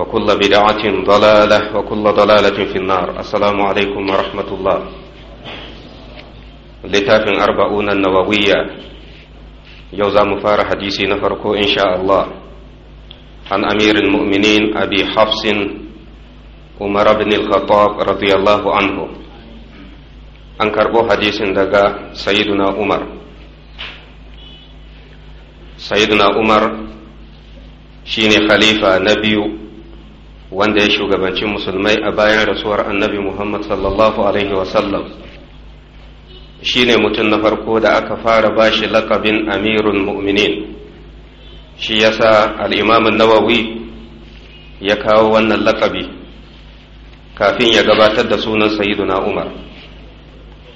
وكل بدعة ضلالة وكل ضلالة في النار السلام عليكم ورحمة الله لتاف أربعون النووية يوزا مفار حديثي نفركو إن شاء الله عن أمير المؤمنين أبي حفص عمر بن الخطاب رضي الله عنه عن كربو حديث دقا سيدنا عمر سيدنا عمر شيني خليفة نبي wanda ya shugabanci musulmai a bayan rasuwar annabi muhammad sallallahu alaihi wasallam shi ne mutum na farko da aka fara bashi lakabin amirun mu'minin shi yasa al'imamin nawawi ya kawo wannan lakabi kafin ya gabatar da sunan sayyiduna umar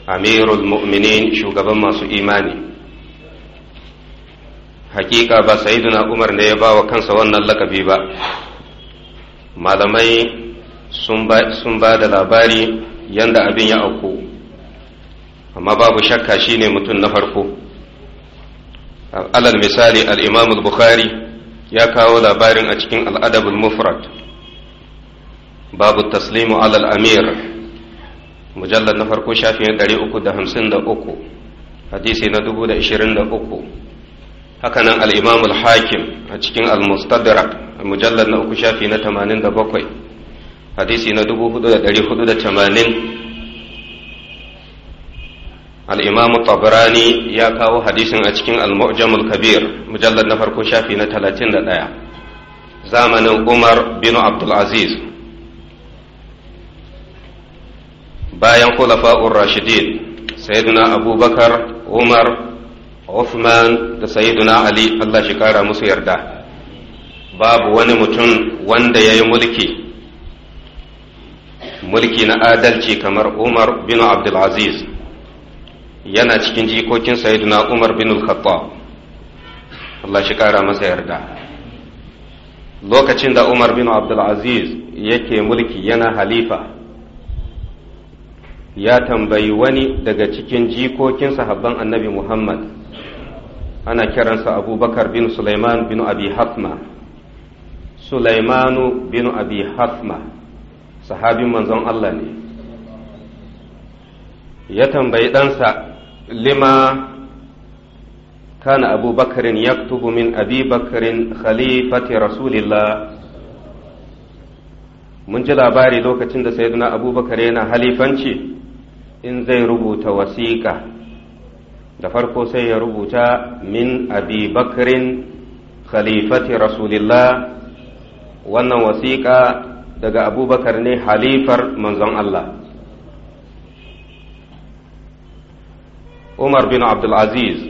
amirul mu'minin shugaban masu imani hakika ba sayyiduna umar ne ya ba wa kansa wannan lakabi ba malamai sun ba da labari yanda abin ya auku amma babu shakka shine mutum na farko alal misali al bukhari ya kawo labarin a cikin al'adar adab mufrad babu taslimu alal amir mujallar na farko shafin 353 hadisi na 2023 hakanan al-imam al-hakim a cikin al-mustadrak mujallar na uku shafi na tamanin da bakwai hadisi na dubu hudu da dari hudu da tamanin al'imamu tabarani ya kawo hadisin a cikin al-mu'jamul kabir mujallar na farko shafi na talatin da ɗaya zamanin umar bin abdulaziz bayan kulafa'ur rashidin sayyiduna abubakar umar Uthman da sayyiduna ali Allah shi kara musu yarda babu wani mutum wanda ya yi mulki mulki na adalci kamar umar bin abdulaziz yana cikin jikokin sayiduna umar bin al-khattab Allah shi masa yarda lokacin da umar bin abdulaziz yake mulki yana halifa ya tambayi wani daga cikin jikokin sahabban annabi muhammad ana kiransa abubakar bin suleiman bin abi hatma Sulaimanu bin Abi Hasma sahabin manzon Allah ne ya tambayi ɗansa lima kana Abu Bakarin yaktubu min Abi khalifati Rasulillah mun ji labari lokacin da na abubakar yana halifanci in zai rubuta wasiƙa da farko sai ya rubuta min abi bakrin khalifati rasulillah wannan wasiƙa daga abubakar ne halifar manzon Allah Umar bin Abdulaziz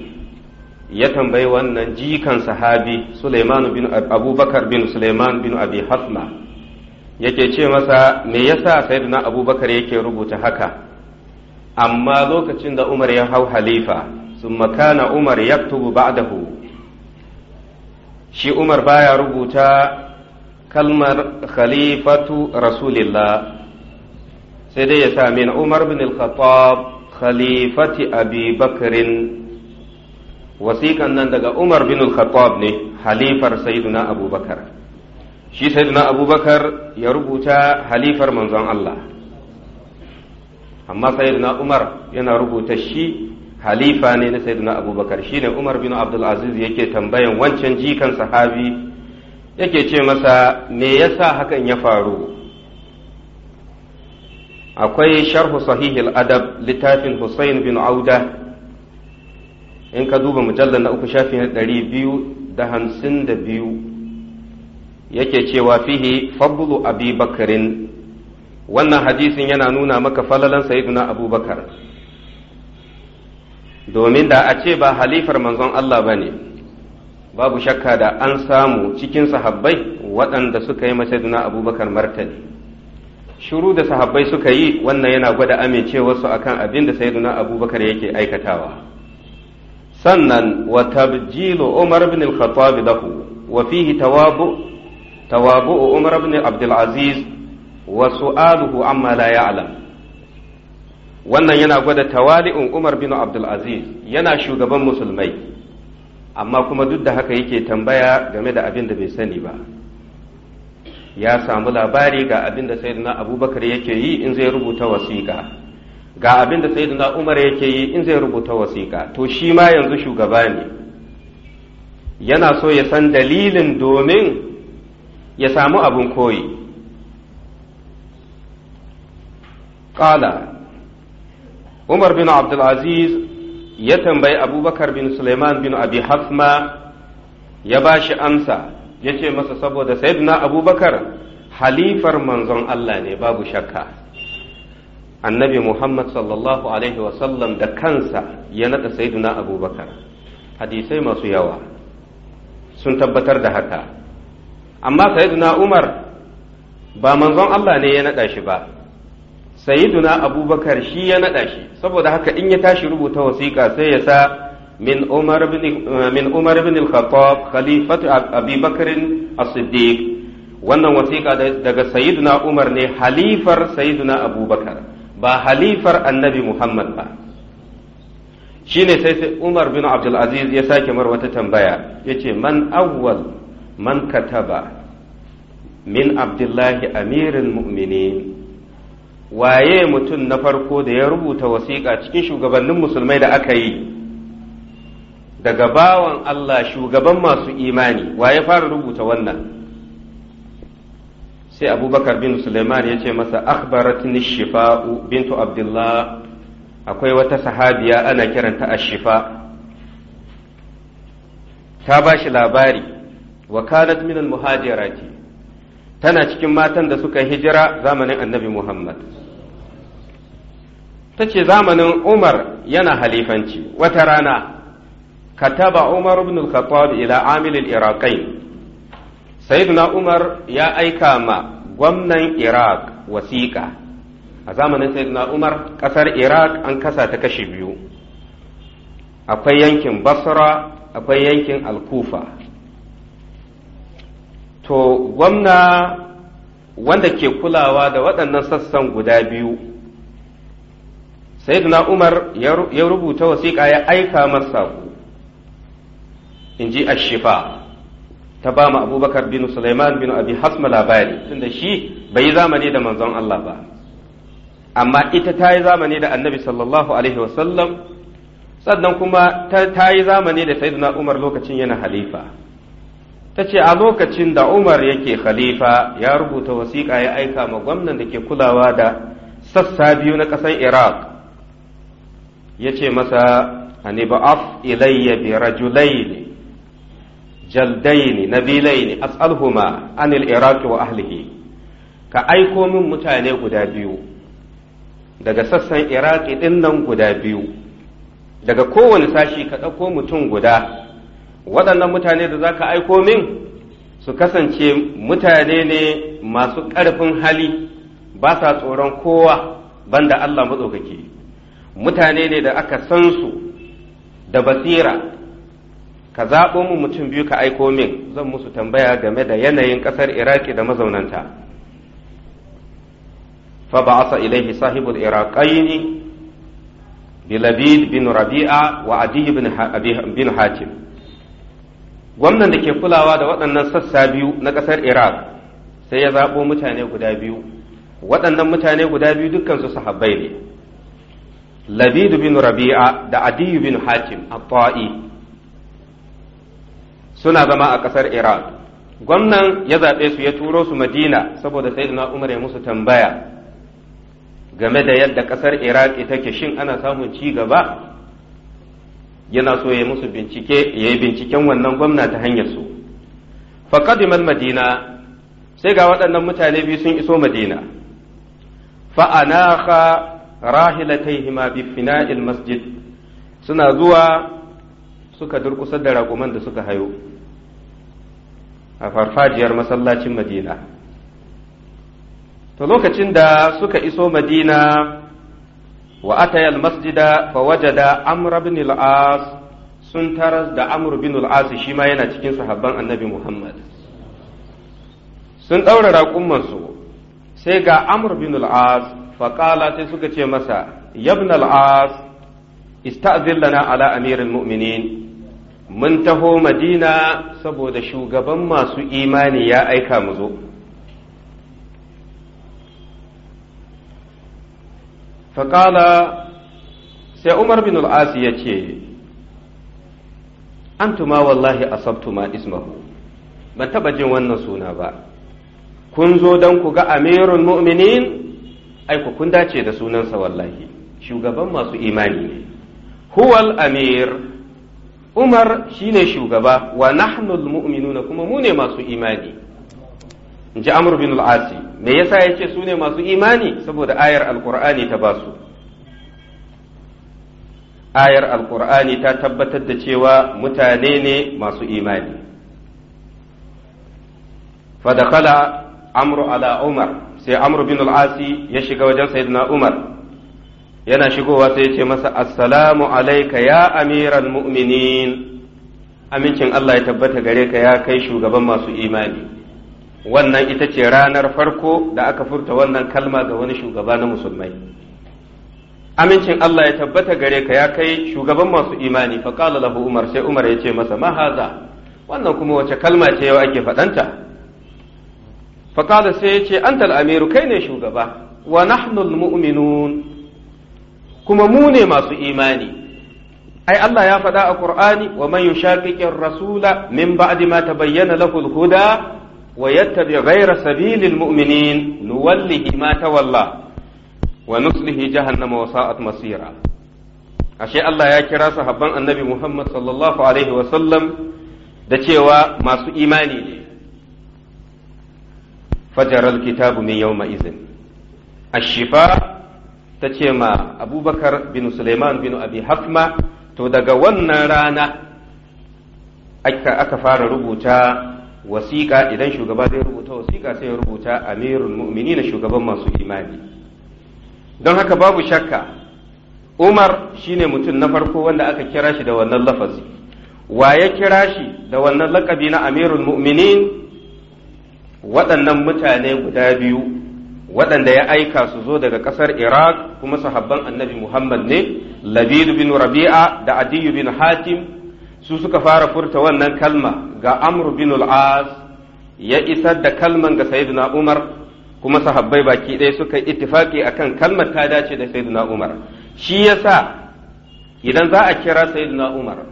ya tambayi wannan jikan sahabi Suleiman bin Abubakar bin Suleiman bin Abi Hasma yake ce masa me yasa sayyidina Abubakar yake rubuta haka amma lokacin da Umar ya hau halifa sun makana Umar yaktubu ba'dahu shi Umar baya rubuta kalmar khalifatu rasulillah sai dai ya sa min umar bin al-khattab khalifati abi bakrin wasiƙan nan daga umar bin al-khattab ne halifar sayyiduna abubakar shi sayyiduna abubakar ya rubuta halifar manzon Allah amma sayyiduna umar yana rubuta shi halifa ne na sayyiduna abubakar shine umar bin abdul aziz yake tambayan wancan jikan sahabi yake ce masa me yasa hakan ya faru akwai sharhu sahihil adab littafin Hussein bin Auda in ka duba mujallar na uku shafi na ɗari biyu da hamsin da biyu yake cewa fihi fadlu abi bakarin wannan hadisin yana nuna maka falalan sayyiduna abubakar domin da a ce ba halifar manzon Allah ba ne babu shakka da an samu cikin sahabbai waɗanda suka yi duna abubakar martani shiru da sahabbai suka yi wannan yana gwada amincewarsu kan abin da duna abubakar yake aikatawa sannan wa tabjilu umar bin al-khattab lahu wa fihi tawabu umar bin abdul aziz wa su'aluhu amma la ya'lam wannan yana gwada tawali'un Umar bin Abdul yana shugaban musulmai amma kuma duk da haka yake tambaya game da abin da bai sani ba ya samu labari ga abin da sayyidina abubakar yake yi in zai rubuta wasiƙa ga abin da sayyidina umar yake yi in zai rubuta wasiƙa to shi ma yanzu shugaba ne yana so ya san dalilin domin ya samu abin koyi قال Umar bin Abdulaziz. ya tambayi abubakar bin suleiman bin abi ya ba shi amsa ya ce masa saboda sayyidina abubakar halifar manzon Allah ne babu shakka annabi muhammad sallallahu alaihi wasallam da kansa ya naɗa sayyidina abubakar hadisai masu yawa sun tabbatar da haka amma sayyidina umar ba manzon Allah ne ya naɗa shi ba sayiduna abubakar shi ya naɗa shi saboda haka in ya tashi rubuta wasiƙa sai ya sa min umar bin eh, al-khattab khalifatu abi wannan wasiƙa daga sayyiduna umar ne halifar sayyiduna abubakar ba halifar annabi muhammad ba shine sai sai umar bin abdulaziz ya sake marwata wata tambaya ya ce man awwal man kataba min abdullahi amirin mu'minin waye mutum na farko da ya rubuta wasiƙa cikin shugabannin musulmai da aka yi daga bawan Allah shugaban masu imani waye fara rubuta wannan sai abubakar bin suleiman ya ce masa akhbaratni shifa'u bintu abdullah akwai wata sahabiya ana kiranta ashifa ta ba shi labari wa kanat min muhajirati tana cikin matan da suka hijira zamanin annabi Muhammad. Ta ce zamanin Umar yana halifanci wata rana, kataba Umar ibn al-Khattab ila amilil Iraqai, Sayyiduna Umar ya aika ma gwamnan Iraq wasiƙa, a zamanin Sayyiduna Umar ƙasar Iraq an kasa ta kashi biyu, akwai yankin Basra, akwai yankin Al-Kufa. to gwamna wanda ke kulawa da waɗannan sassan guda biyu sai umar ya rubuta wasiƙa ya aika masa in ji ashifa ta ba mu abubakar bin sulaiman bin abi hasma labari tunda shi bai yi zamani da manzon Allah ba amma ita ta yi zamani da annabi sallallahu alaihi wasallam sannan kuma ta yi zamani da sayyiduna umar lokacin yana halifa ta ce a lokacin da umar yake khalifa ya rubuta wasiƙa ya aika ma gwamnan da ke kulawa da sassa biyu na ƙasar iraq ya ce masa af ilayya bi rajulaini jaldaini nabilaini as'alhuma anil iraq wa ahlihi ka aiko min mutane guda biyu daga sassan iraq ɗin nan guda biyu daga kowane sashi ka ɗauko mutum guda waɗannan mutane da za ka aiko min su kasance mutane ne masu ƙarfin hali ba sa tsoron kowa ban da Allah matsaukaki mutane ne da aka san su da basira ka zaɓo mu mutum biyu ka aiko min zan musu tambaya game da yanayin ƙasar iraki da mazaunanta fa asa ilaihi sahibul iraqaini bilabid bin rabi'a wa adi bin hatim gwamnan da ke kulawa da waɗannan sassa biyu na ƙasar iraq sai ya zaɓo mutane guda biyu waɗannan mutane guda biyu dukkansu sahabbai ne labidu bin rabi'a da adiyu bin hakim a suna zama a ƙasar iraq gwamnan ya zaɓe su ya turo su madina saboda sai da umar ya musu tambaya game da yadda ƙasar iraq ke shin ana samun ci gaba yana so ya musu bincike ya yi binciken wannan gwamna ta hanyar su faƙadiman madina sai ga waɗannan mutane biyu sun iso madina fa'anaka rahilataihima bi fina'il masjid suna zuwa suka durkusa da raguman da suka hayo a farfajiyar masallacin madina to lokacin da suka iso madina wa ataya almasjida fa wajada amr ibn al-as sun taras da amr ibn al-as shi ma yana cikin sahabban annabi muhammad sun daura raƙumman su sai ga amr ibn al-as fa qala sai suka ce masa yabn al-as ista'zil lana ala amiril mu'minin mun taho madina saboda shugaban masu imani ya aika mu zo Fakala sai umar bin al'asi ya ce an tuma wallahi asabtuma ismahu ban taɓa jin wannan suna ba kun zo don ku ga amirul mu'minin aiku kun dace da sunansa wallahi shugaban masu imani ne huwal amir umar shine shugaba wa nahnul mu'minuna kuma mu ne masu imani in ji amr bin me yasa ce su ne masu imani saboda ayar alqur'ani ta basu ayar alqur'ani ta tabbatar da cewa mutane ne masu imani fadakala amru ala umar sai amru bin al'asi ya shiga wajen sayyidina umar yana shigowa sai ya ce masa assalamu alaika ya amiran mu'minin amincin Allah ya tabbata gare ka ya kai shugaban masu imani wannan ita ce ranar farko da aka furta wannan kalma ga wani shugaba na musulmai amincin Allah ya tabbata gare ka ya kai shugaban masu imani fa qala lahu umar sai umar ya ce masa ma haza wannan kuma wace kalma ce yau ake faɗanta fa qala sai ya ce antal amiru kai ne shugaba wa nahnu muminun kuma mu ne masu imani ai Allah ya faɗa a Qur'ani wa man yushaqiqir rasula min ba'di ma tabayyana lahu huda wa yattabi ghayra sabilil mu'minin nuwallihi ma tawalla wa nuslihi jahannama wa sa'at masira ashe Allah ya kira sahabban Annabi Muhammad sallallahu alaihi wa sallam da cewa masu imani ne fajaral kitabu min yawma izin ashifa ta ce ma abubakar bin suleiman bin abi hafma to daga wannan rana aka, aka fara rubuta wasiƙa idan shugaba zai rubuta wasiƙa sai ya rubuta amirul mu'mini na shugaban masu imani don haka babu shakka umar shine mutum na farko wanda aka kira shi da wannan lafazi wa ya kira shi da wannan lakabi na amirul mu'minin waɗannan mutane guda biyu waɗanda ya aika su zo daga ƙasar iraq kuma sahabban annabi muhammad ne labidu bin rabi'a da adiyu bin hatim su suka fara furta wannan kalma ga amru bin al ya isa da kalman ga sayyidina Umar kuma sahabbai baki ɗaya suka ittifaki akan kalmar ta dace da sayyidina Umar shi yasa idan za a kira sayyidina Umar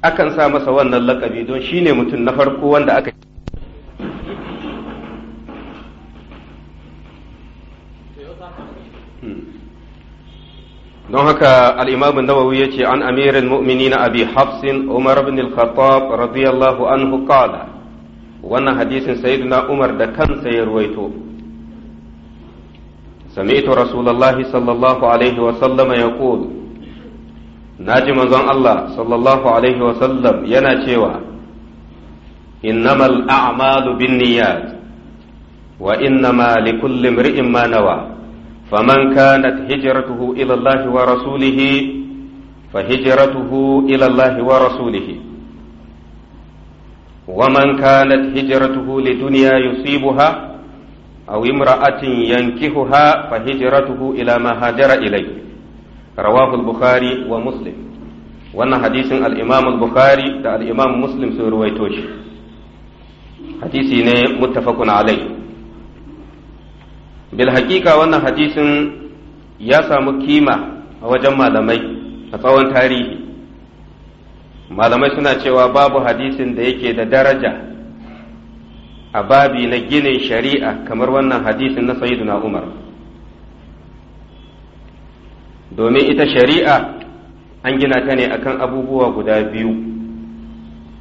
akan sa masa wannan lakabi don shine mutum na farko wanda aka don haka al'imamin nawawi ya ce an amirin mu'mini na abi hafsin umar bin al-khattab radiyallahu anhu qala wannan hadisin sayyiduna umar da kansa ya ruwaito sami'tu rasulullahi sallallahu alaihi wa sallama na naji manzon Allah sallallahu alaihi wa sallam yana cewa innamal a'malu binniyat wa innama likulli imri'in ma nawa فمن كانت هجرته إلى الله ورسوله فهجرته إلى الله ورسوله ومن كانت هجرته لدنيا يصيبها أو امرأة ينكهها فهجرته إلى ما هاجر إليه رواه البخاري ومسلم وأن حديث الإمام البخاري الإمام مسلم سيرويتوش حديثي متفق عليه bil haƙiƙa wannan hadisin ya samu kima a wajen malamai a tsawon tarihi malamai suna cewa babu hadisin da yake da daraja a babi na ginin shari'a kamar wannan hadisin na sayyiduna umar domin ita shari'a an gina ta ne akan abubuwa guda biyu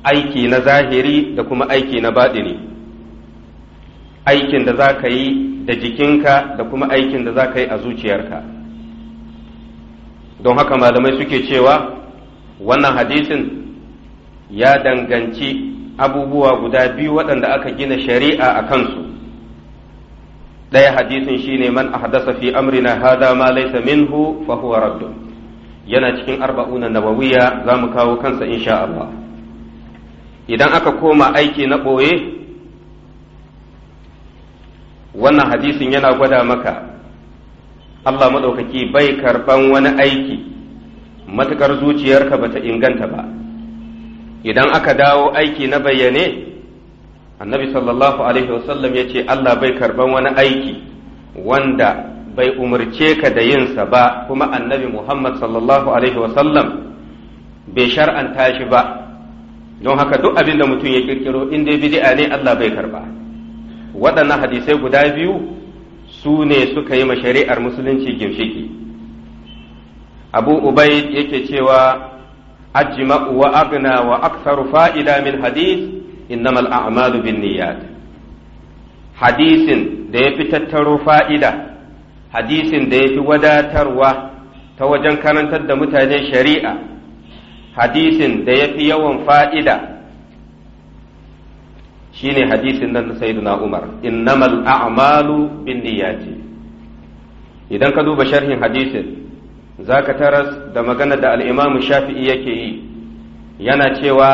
aiki na zahiri da kuma aiki na baɗini aikin da za ka yi da jikinka da kuma aikin da za ka yi a zuciyarka don haka malamai suke cewa wannan hadisin ya danganci abubuwa guda biyu waɗanda aka gina shari'a a kansu ɗaya hadisin shine man ahdasa fi amrina hada ma laysa minhu fa huwa yana cikin arba'una nawawiya za mu kawo kansa insha Allah idan aka koma aiki na ɓoye wannan hadisin yana gwada maka Allah maɗaukaki bai karban wani aiki matuƙar zuciyarka ba ta inganta ba idan aka dawo aiki na bayyane annabi sallallahu alaihi wasallam ya ce Allah bai karban wani aiki wanda bai umarce ka da yinsa ba kuma annabi Muhammad sallallahu alaihi wasallam bai shar'anta shi ba don haka duk abin da mutum ya kirkiro in dai bidi'a ne Allah bai karɓa. waɗannan hadisai guda biyu su ne suka yi shari'ar musulunci ginshiki abu ubaid yake cewa ajima wa agna wa aksaru fa'ida min hadis innamal a'malu bin niyyat hadisin da ya fi tattaro fa'ida hadisin da ya fi wadatarwa ta wajen karantar da mutane shari'a hadisin da ya fi yawan fa'ida shine hadisin nan sayyiduna Umar innamal a'malu niyyati idan ka duba sharhin hadisin zaka taras da magana da al-Imam Shafi'i yake yi yana cewa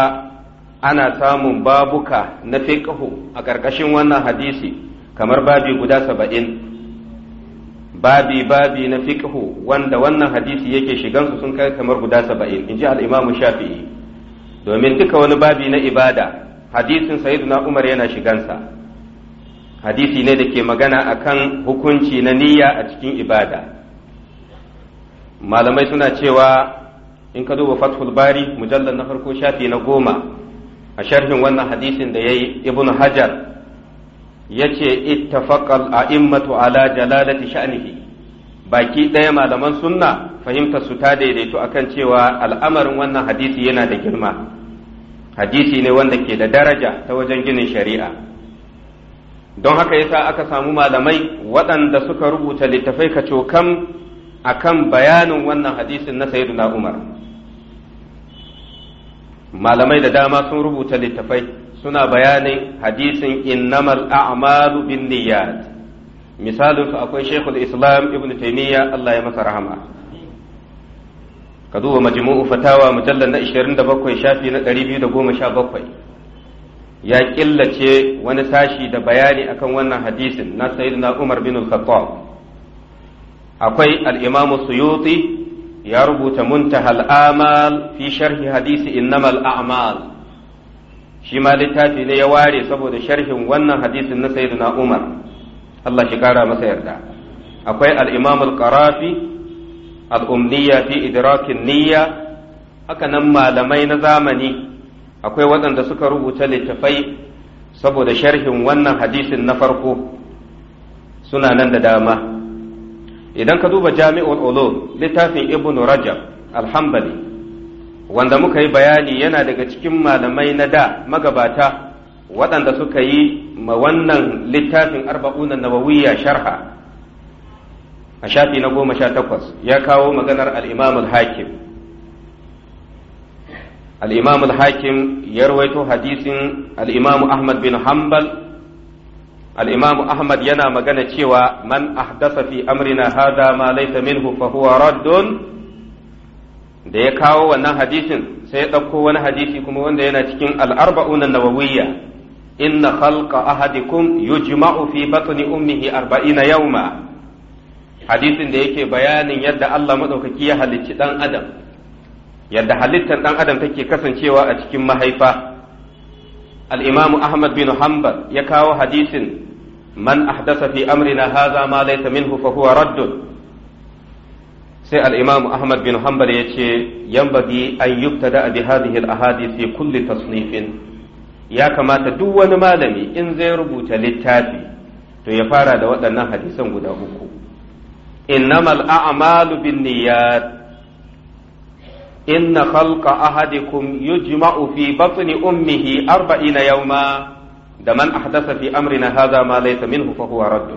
ana samun babuka na fiqhu a ƙarƙashin wannan hadisi kamar babi guda saba'in babi babi na fiqhu wanda wannan hadisi yake shigansu sun kai kamar guda saba'in in ji al'imamu shafi'i domin duka wani babi na ibada hadisin sayyiduna umar yana shigansa hadisi ne da ke magana akan hukunci na niyya a cikin ibada malamai suna cewa in ka duba fathul bari mujallar na farko shafi na goma a sharhin wannan hadisin da ya yi ibn hajar ya ce ittafaqal a'immatu ala jalalati sha'nihi baki ɗaya malaman sunna fahimtar su ta daidaito akan cewa al'amarin wannan hadisi yana da girma hadisi ne wanda ke da daraja ta wajen ginin shari'a don haka yasa aka samu malamai waɗanda suka rubuta littafai kacokam a kan bayanin wannan hadisin na Saidu umar malamai da dama sun rubuta littafai suna bayanin hadisin innamal a'malu bin niyyat misalinsu akwai shekul islam ibn taimiyya allah ya masa rahama ka duba majmu'u fatawa mujallar na 27 shafi na 217 ya killace wani sashi da bayani akan wannan hadisin na sayyidina Umar bin al-Khattab akwai al-Imam Suyuti ya rubuta muntahal amal fi sharhi hadisi innamal a'mal shi ma littafi ne ya ware saboda sharhin wannan hadisin na sayyidina Umar Allah shi kara masa yarda akwai al-Imam al-Qarafi al'umliya fi idrakin niyya haka nan malamai na zamani akwai waɗanda suka rubuta littafai saboda sharhin wannan hadisin na farko suna nan da dama idan ka duba jami'ul ulum littafin ibn rajab alhambali wanda muka yi bayani yana daga cikin malamai na da magabata waɗanda suka yi ma wannan littafin arba'unan nawawiyya sharha a shafi na goma sha takwas ya kawo maganar al'imamul al-hakim al'imam hakim ya rawaito hadisin al'imam ahmad bin hanbal al'imam ahmad yana magana cewa man ahdasa fi amrina hada ma laita minhu fa huwa raddun da ya kawo wannan hadisin sai ya ɗauko wani hadisi kuma wanda yana cikin al'arba'unan nawawiyya inna khalqa ahadikum yujma'u fi batni ummihi arba'ina yawma hadisin da yake bayanin yadda Allah maɗaukaki ya halicci ɗan adam yadda halittar ɗan adam take kasancewa a cikin mahaifa al'imamu ahmad bin hanbal ya kawo hadisin man ahdasa fi amrina haza ma laita minhu huwa raddun sai al'imamu ahmad bin hanbal ya ce yambagi an yubta bi hadhihi al-ahadith kulli tasnifin ya kamata duk wani malami in zai rubuta littafi to ya fara da waɗannan hadisan guda uku innamal a'malu binniyat إن خلق أحدكم يجمع في بطن أمه أربعين يوما ده من أحدث في أمرنا هذا ما ليس منه فهو رد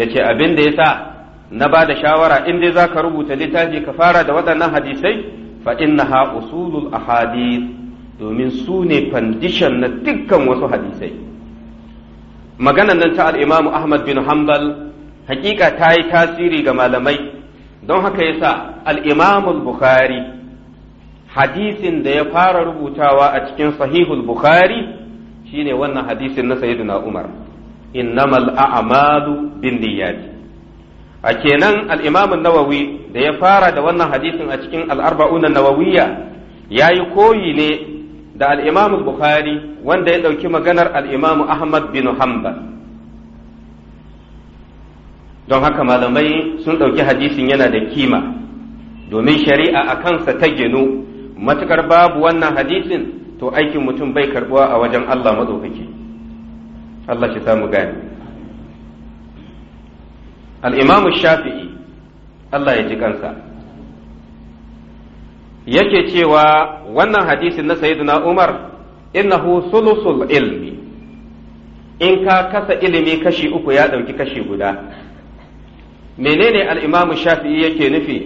yace abin da yasa na ba da shawara in dai zaka rubuta littafi ka fara da waɗannan hadisai fa innaha usulul ahadith domin su ne fandishan na dukkan wasu hadisai maganan nan ta al imamu Ahmad bin Hanbal hakika ta yi tasiri ga malamai don haka yasa al-imam bukhari hadisin da ya fara rubutawa a cikin sahihul bukhari shine wannan hadisin na sayyidina umar innamal a'malu binniyati a kenan al-imam an-nawawi da ya fara da wannan hadisin a cikin al-arba'un an-nawawiyya yayi koyi ne da al-imam bukhari wanda ya dauki maganar al-imam ahmad bin hanbal don haka malamai sun ɗauki hadisin yana da kima domin shari'a a kansa ta genu matuƙar babu wannan hadisin to aikin mutum bai karbuwa a wajen Allah maɗaukaki Allah shi samu gani al'imamu shafi'i Allah ya ji kansa yake cewa wannan hadisin na sayyiduna Umar innahu sulusul ilmi in ka kasa ilimi kashi uku ya ɗauki kashi guda menene al-imam shafi'i yake nufi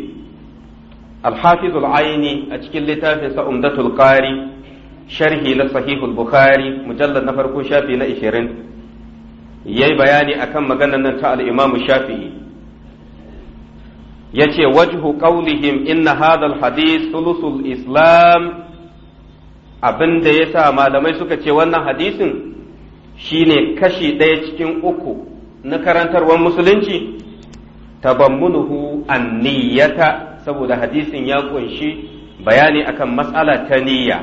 al-hafiz al-aini a cikin littafin sa umdatul qari sharhi na sahihul bukhari mujallad na farko shafi na 20 yayi bayani akan maganar nan ta al-imam shafi'i yace wajhu qaulihim inna hadha al-hadith thuluthul islam abin da ya sa malamai suka ce wannan hadisin shine kashi ɗaya cikin uku na karantarwar musulunci tabammunuhu niyyata saboda hadisin ya kunshi bayani akan matsala ta niyya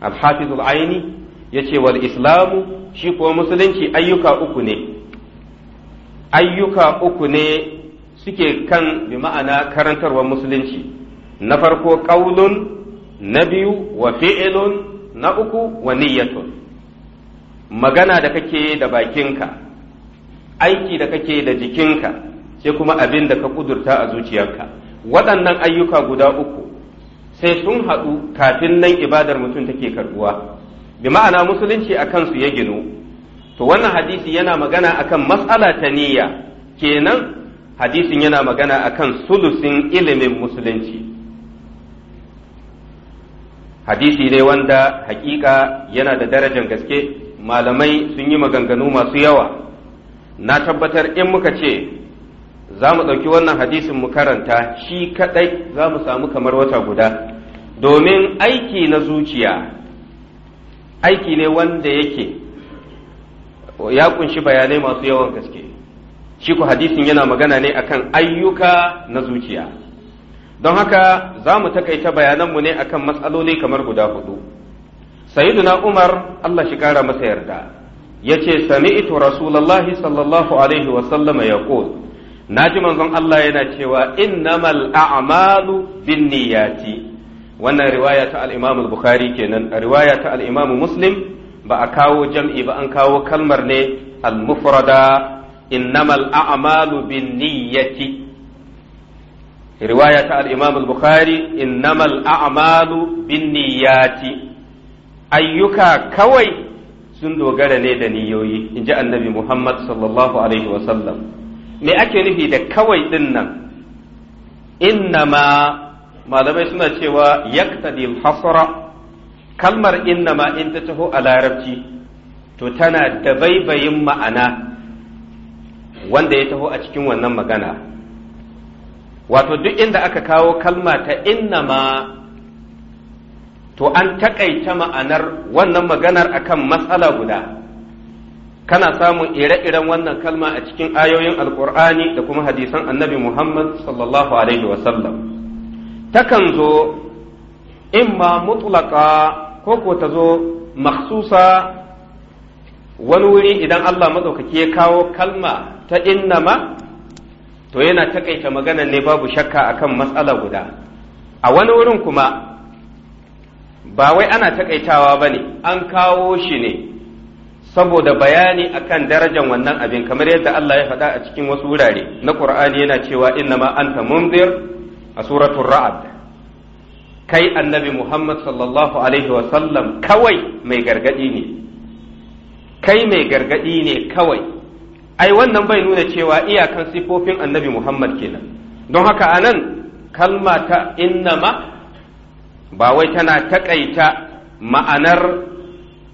al-hafiz al-aini yace wal islamu shi kuwa musulunci ayyuka uku ne ayyuka uku ne suke kan bi ma'ana karantarwar musulunci na farko qaulun na biyu wa fi'ilun na uku wa niyyatun magana da kake da bakinka aiki da kake da jikinka sai kuma abin da ka kudurta a zuciyarka waɗannan ayyuka guda uku sai sun haɗu kafin nan ibadar mutum take karbuwa bi ma'ana musulunci a kansu ya ginu to wannan hadisi yana magana akan matsala ta niyya kenan hadisin yana magana akan sulusin ilimin musulunci hadisi ne wanda hakika yana da darajar gaske malamai sun yi maganganu masu yawa na tabbatar in muka ce za mu ɗauki wannan hadisin mu karanta shi kaɗai za mu samu kamar wata guda domin aiki na zuciya aiki ne wanda yake ya kunshi bayanai masu yawan gaske shi ku hadisin yana magana ne akan ayyuka na zuciya don haka za mu takaita bayananmu ne akan matsaloli kamar guda hudu sayiduna umar allah shi kara masa yarda yace sami'tu rasulullahi sallallahu alaihi wa sallama yaqul naji manzon Allah yana cewa innamal a'malu binniyati wannan riwaya ta al-Imam al-Bukhari kenan riwaya ta al-Imam Muslim ba a kawo jam'i ba an kawo kalmar ne al-mufrada innamal a'malu binniyati riwaya ta al-Imam al-Bukhari innamal a'malu binniyati ayyuka kawai sun dogara ne da niyoyi in ji annabi Muhammad sallallahu Alaihi wasallam me ake nufi da kawai din nan innama malamai suna cewa yaktadil hasra. kalmar innama in ta taho a larabci to tana da baibayin ma'ana wanda ya taho a cikin wannan magana wato duk inda aka kawo kalma ta innama to an takaita ma'anar wannan maganar akan matsala guda kana samun ire-iren wannan kalma a cikin ayoyin alkur'ani da kuma hadisan annabi muhammad sallallahu alaihi wasallam takan zo in ma mutlaka ko ko ta zo maksusa wani wuri idan allah maɗaukaki ya kawo kalma ta innama to yana takaita maganar ne babu shakka akan matsala guda a wani wurin kuma ba wai ana takaitawa ba ne an kawo shi ne saboda bayani akan darajar wannan abin kamar yadda Allah ya faɗa a cikin wasu wurare na Qur'ani yana cewa ma anta munzir a suratul ra'ad kai annabi Muhammad sallallahu alaihi wa sallam kawai mai gargadi ne kai mai gargadi ne kawai ai wannan bai nuna cewa iyakan sifofin annabi Muhammad kenan don haka anan kalma ta innama ba wai tana takaita ma'anar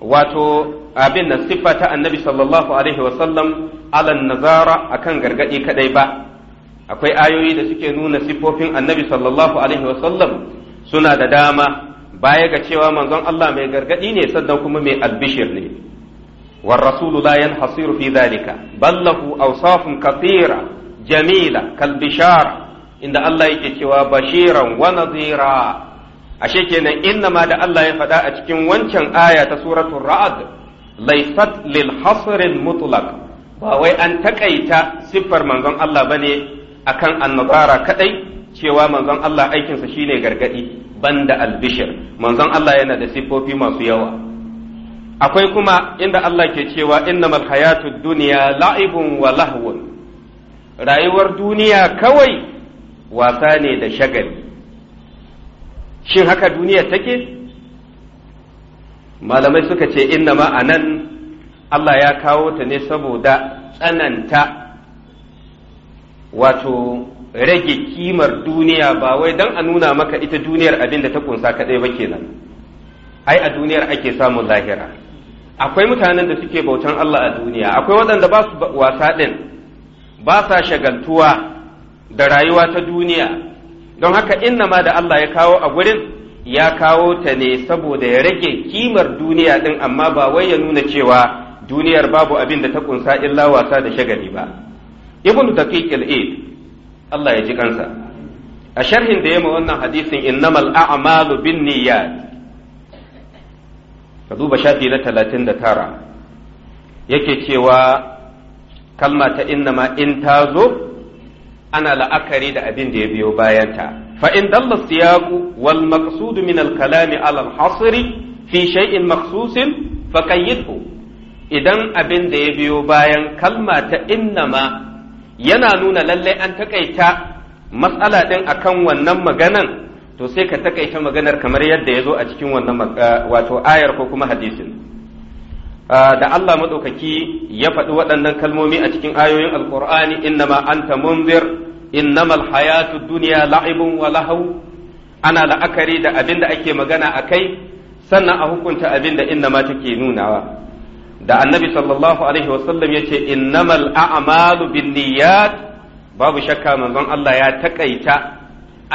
wato abin na siffa ta annabi sallallahu alaihi wasallam alan nazara akan gargaɗi kadai ba akwai ayoyi da suke nuna siffofin annabi sallallahu alaihi wasallam suna da dama baya ga cewa manzon Allah mai gargaɗi ne sannan kuma mai albishir ne والرسول لا ينحصر في ذلك بل له أوصاف كثيرة جميلة كالبشارة إن الله يجتوى بشيرا ونظيرا ashe kenan innama da Allah ya faɗa a cikin wancan aya ta suratul ra'd laysat lil hasr mutlaq ba wai an takaita siffar manzon Allah bane akan annabara kadai cewa manzon Allah aikinsa shine gargadi banda albishir manzon Allah yana da siffofi masu yawa akwai kuma inda Allah ke cewa innamal hayatud dunya la'ibun wa lahwun rayuwar duniya kawai wasa ne da shagali shin haka duniyar take malamai suka ce inna ma a nan Allah ya kawo ta ne saboda tsananta wato rage kimar duniya ba wai don a nuna maka ita duniyar abin da ta kunsa kaɗai ba kenan ai a duniyar ake samun lahira akwai mutanen da suke bautan Allah a duniya akwai waɗanda ba su wasa ɗin ba sa shagaltuwa da rayuwa ta duniya don haka inna ma da Allah ya kawo a gurin ya kawo ta ne saboda ya rage kimar duniya din amma ba wai ya nuna cewa duniyar babu abin da ta kunsa illa wasa da shagali ba ibn daqiq al Allah ya ji kansa a sharhin da yamma wannan hadisin innamal a'malu binniyat ka duba shafi na talatin da tara yake cewa kalma ta innama in ta zo ana la'akari da abin da ya biyo bayanta fa in dalla siyaqu wal maqsud min al kalami ala al hasr fi shay'in makhsusin faqayyidhu idan abin da ya biyo bayan kalma ta innama yana nuna lallai an takaita matsala ɗin akan wannan maganan to sai ka takaita maganar kamar yadda ya zo a cikin wannan eh, wato ayar ko kuma hadisin Ah, da Allah madaukaki ya faɗi waɗannan kalmomi a cikin ayoyin alqur'ani innama anta munzir innamal hayatu duniya la'ibun wa lahu ana la'akari da abin da ake magana a kai sannan a hukunta abin da innama take nunawa da annabi sallallahu alaihi wasallam ya ce mal a'malu binniyat babu shakka manzon Allah ya takaita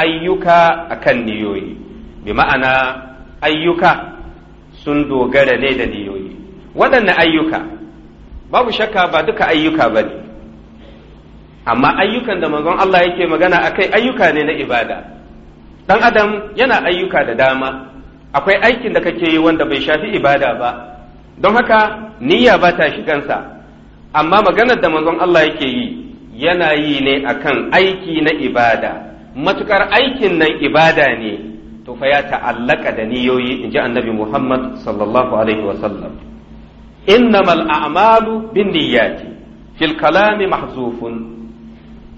ayyuka akan niyoyi bi ma'ana ayyuka sun dogara ne da niyoyi waɗanne ayyuka babu shakka ba duka ayyuka ba ne amma ayyukan da manzon Allah yake magana akai ayyuka ne na ibada ɗan adam yana ayyuka da dama akwai aikin da kake yi wanda bai shafi ibada ba don haka niyya ba ta shigansa amma maganar da manzon Allah yake yi yana yi ne akan aiki na ibada matukar aikin nan ibada ne to fa ya ta'allaka da niyoyi in ji annabi Muhammad sallallahu alaihi wasallam innamal a'malu bin niyyati fil kalami mahzufun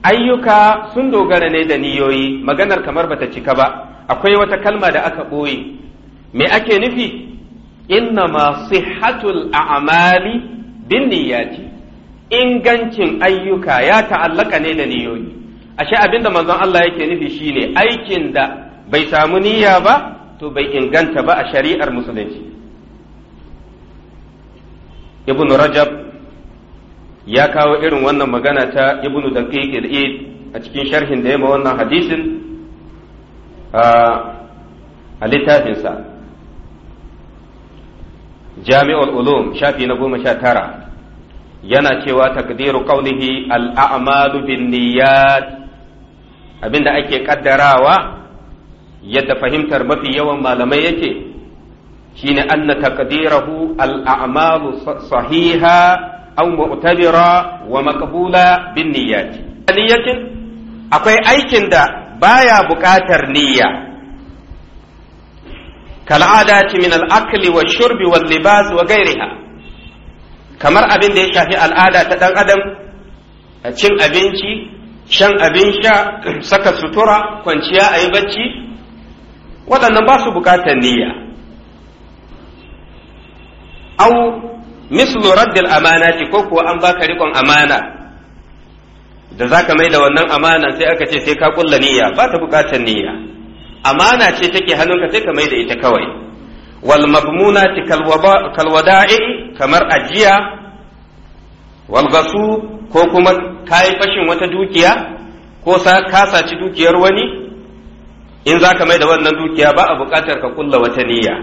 ayyuka sun dogara ne da niyoyi maganar kamar bata cika ba akwai wata kalma da aka ɓoye me ake nufi innama sihhatul a'mali bin ingancin ayyuka ya ta'allaka ne da niyoyi ashe abinda manzon Allah yake nufi shine aikin da bai samu niyya ba to bai inganta ba a shari'ar musulunci ibn rajab ya kawo irin wannan magana ta ibn daqiq al a cikin sharhin da ya ma wannan hadisin a littafinsa jami'ul ulum shafi na goma sha tara yana cewa takdiru qawlihi al-a'malu bin niyyat abinda ake kaddarawa yadda fahimtar mafi yawan malamai yake shine anna taqdirahu al sahiha aw mu'tabira wa makabula bin niyyati akwai aikin da baya buƙatar niyya kal'adati min al'akli wa shurbi wa libas wa gairiha kamar abin da ya shafi al'ada ta ɗan adam a cin abinci shan abin sha saka sutura kwanciya a yi bacci waɗannan ba su buƙatar niyya aw mislu raddil amanati ko kuwa an baka rikon amana da zaka mai da wannan amana sai aka ce sai ka kulla niyya ba ta bukatar niyya amana ce take hannunka sai ka mai da ita kawai wal mabmunati kal wada'i kamar ajiya wal gasu ko kuma kai fashin wata dukiya ko ka saci dukiyar wani in zaka mai da wannan dukiya ba a bukatar ka kulla wata niyya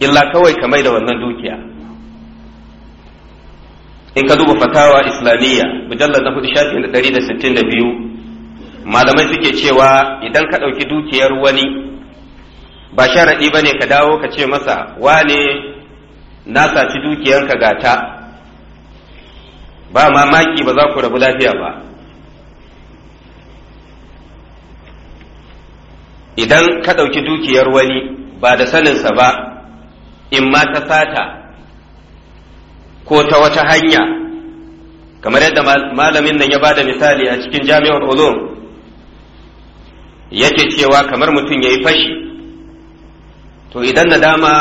illa kawai ka mai da wannan dukiya in ka duba fatawa islamiyya mujallar na hudu shafi na ɗari da sittin da biyu malamai suke cewa idan ka ɗauki dukiyar wani ba sharaɗi ba ne ka dawo ka ce masa wane na saci dukiyanka gata ba mamaki ba za ku rabu lafiya ba idan ka ɗauki dukiyar wani ba da saninsa ba in ma ta sata ko ta wata hanya kamar yadda malamin nan ya ba da misali a cikin jami'ar ulum yake cewa kamar mutum ya yi fashi to idan dama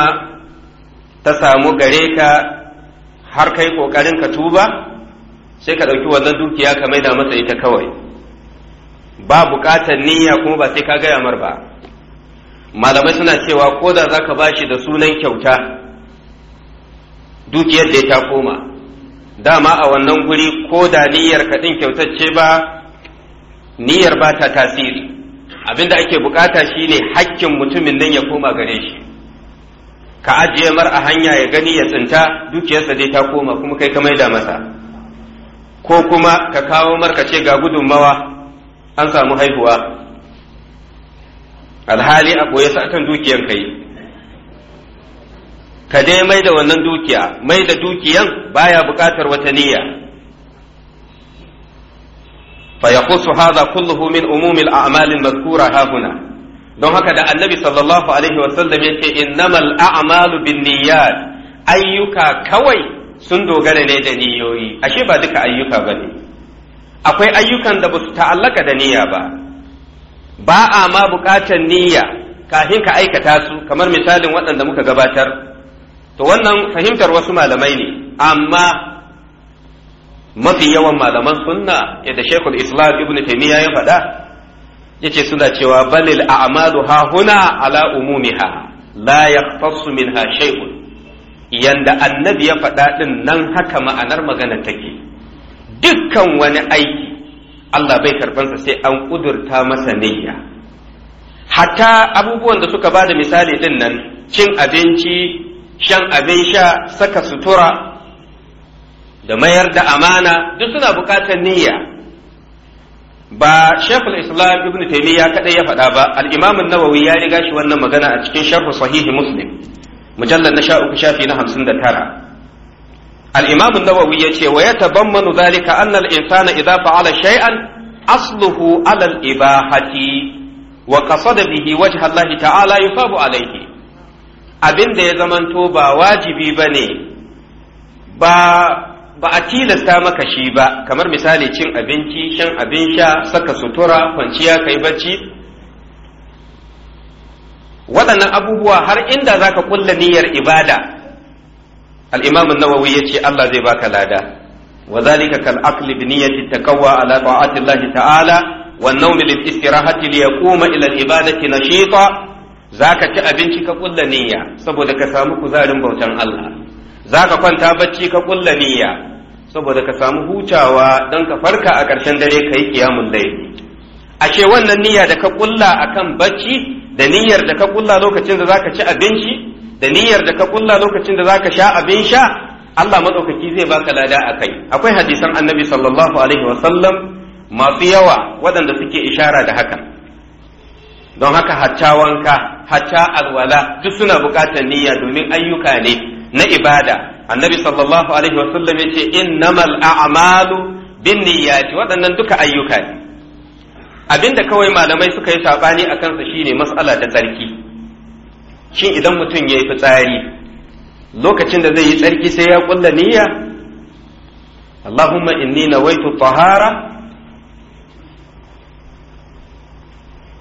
ta samu gare ka har kai ƙoƙarin ka tuba sai ka ɗauki wannan dukiya ka maida masa ita kawai ba buƙatar niyya kuma ba sai ka gaya mar ba malamai suna cewa ko da za ka shi da sunan kyauta dukiyar da ta koma dama a wannan guri ko da niyyar kaɗin kyautacce ba niyyar ba ta tasiri abinda ake bukata shine hakkin mutumin nan ya koma gare shi ka ajiye mar a hanya ya gani ya tsinta dukiyarsa dai ta koma kuma kai ka maida masa ko kuma ka kawo mar ka ce ga gudunmawa an samu haihuwa alhali a ɓoye su akan dukiyan ka yi ka dai mai da wannan dukiya mai da dukiyan baya buƙatar wata niyya fa yaqusu hadha kulluhu min umumil a'malin mazkura ha huna don haka da annabi sallallahu alaihi wasallam ya innamal a'malu bin niyyat ayyuka kawai sun dogara ne da niyoyi ashe ba duka ayyuka ba ne akwai ayyukan da ba su ta'allaka da niyya ba ba a ma bukatar niyya kafin ka aikata su kamar misalin waɗanda muka gabatar to wannan fahimtar wasu malamai ne amma mafi yawan malaman sunna yadda shekul islam ibn taimiyya ya faɗa yace suna cewa balil a'malu ha huna ala umumiha la yaqtasu minha shay'un yanda annabi ya faɗa ɗin nan haka ma'anar maganar take dukkan wani aiki Allah bai karbansa sai an kudurta masa niyya hatta abubuwan da suka bada misali din nan cin abinci shan abin sha saka sutura da mayar da amana duk suna bukatar niyya ba shekul islam ibn taimiyya kadai ya faɗa ba al-imam nawawi ya riga shi wannan magana a cikin sharh sahihi muslim mujallar na sha uku shafi na hamsin da tara al-imam an-nawawi yace wa yatabammanu dhalika anna al-insana idza fa'ala shay'an asluhu alal ibahati wa da bihi wajha Allah ta'ala yusabu alayhi abin da ya zamanto ba wajibi bane ba ba a tilasta maka shi ba kamar misali cin abinci shan abin sha saka sutura kwanciya kai barci. waɗannan abubuwa har inda zaka kulla niyyar ibada al-imam an-nawawi yace Allah zai baka lada Wazalika zalika kal aqli bi niyyati takawwa ala ta'ati Allah ta'ala wan nawm lil istirahati li yaquma ila al-ibadati nashita ci abinci ka kulla niyya saboda ka samu kuzarin bautan Allah zaka kwanta bacci ka kulla niyya saboda ka samu hutawa don ka farka a ƙarshen dare kai qiyamul layl ashe wannan niyyar da ka kulla akan bacci da niyyar da ka kulla lokacin da zaka ci abinci da niyyar da ka kulla lokacin da zaka sha abin sha Allah madaukaki zai baka lada a kai. akwai hadisan annabi sallallahu alaihi wa sallam masu yawa waɗanda suke ishara da haka. don haka hatta wanka hatta alwala duk suna buƙatar niyya domin ayyuka ne na ibada annabi sallallahu alaihi wa ya ce innamal a'malu bin niyyati waɗannan duka ayyuka ne abinda kawai malamai suka yi sabani a kansa shine mas'ala ta tsarki shin idan mutum ya yi fitsari lokacin da zai yi tsarki sai ya kulla niyya Allahumma inni nawaitu tahara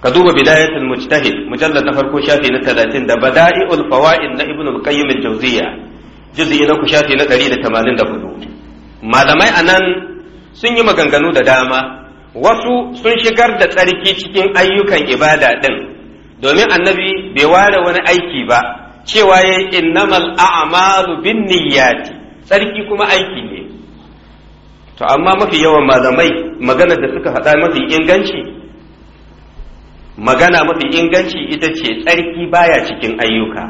ka duba bidayatul mujtahid mujallad na farko shafi na 30 da bada'iul fawaid na ibnu al-qayyim al-jawziyya juz'i na ku shafi na 184 malamai anan sun yi maganganu da dama wasu sun shigar da tsarki cikin ayyukan ibada din domin annabi bai ware wani aiki ba cewa ya innamal a'malu bin niyyati tsarki kuma aiki ne to amma mafi yawan malamai magana da suka hada mafi inganci magana mafi inganci ita ce tsarki baya cikin ayyuka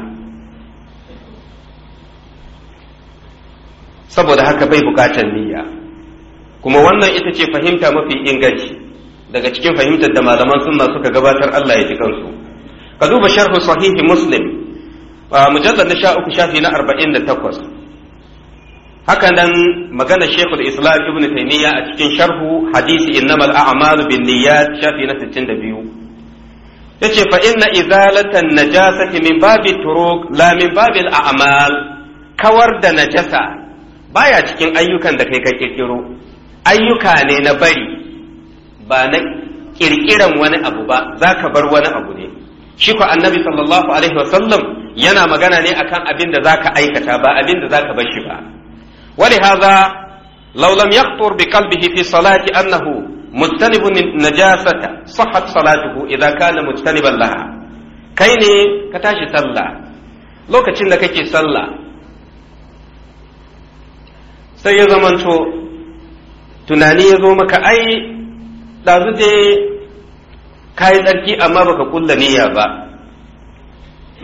saboda haka bai bukatar niyya kuma wannan ita ce fahimta mafi inganci daga cikin fahimtar da malaman sunna suka gabatar Allah ya ji kansu ka duba sharhu sahihi muslim mujallar na sha uku shafi na arba'in da takwas haka nan magana shekul islam ibn taimiyya a cikin sharhu hadisi innamal a'malu bin niyyat shafi na sittin da biyu yace fa inna izalatan najasati min babi turuk la min babil a'mal kawar da najasa baya cikin ayyukan da kai ka kirkiro ayyuka ne na bari ba na kirkiran wani abu ba za ka bar wani abu ne Shiku annabi sallallahu alaihi wasallam yana magana ne akan abin da zaka aikata ba abin da zaka bar shi ba wali hadha law lam yaqtur bi qalbihi fi salati annahu mustanibun najasata sahhat salatuhu idza kana mustaniban laha kai ne ka tashi sallah lokacin da kake sallah sai ya zamanto tunani ya zo maka ai ɗazu dai ka yi tsarki amma baka kulla niyya ba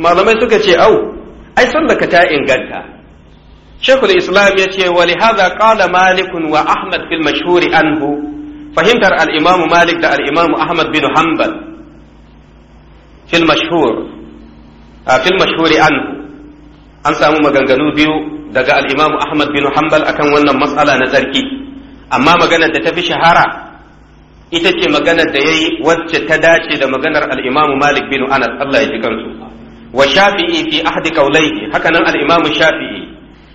malamai suka ce au ai sallaka ta inganta shekul islam ya ce wa lihaza qala malikun wa ahmad fil mashhuri anhu fahimtar al malik da al ahmad bin hanbal fil mashhur fil mashhuri anhu an samu maganganu biyu daga al ahmad bin hanbal akan wannan matsala na tsarki amma maganar da ta fi shahara ita ce maganar da yayi wacce ta dace da maganar al'imamu Malik bin Anas Allah ya ji kansu wa Shafi'i fi ahdi kaulaihi haka nan al Shafi'i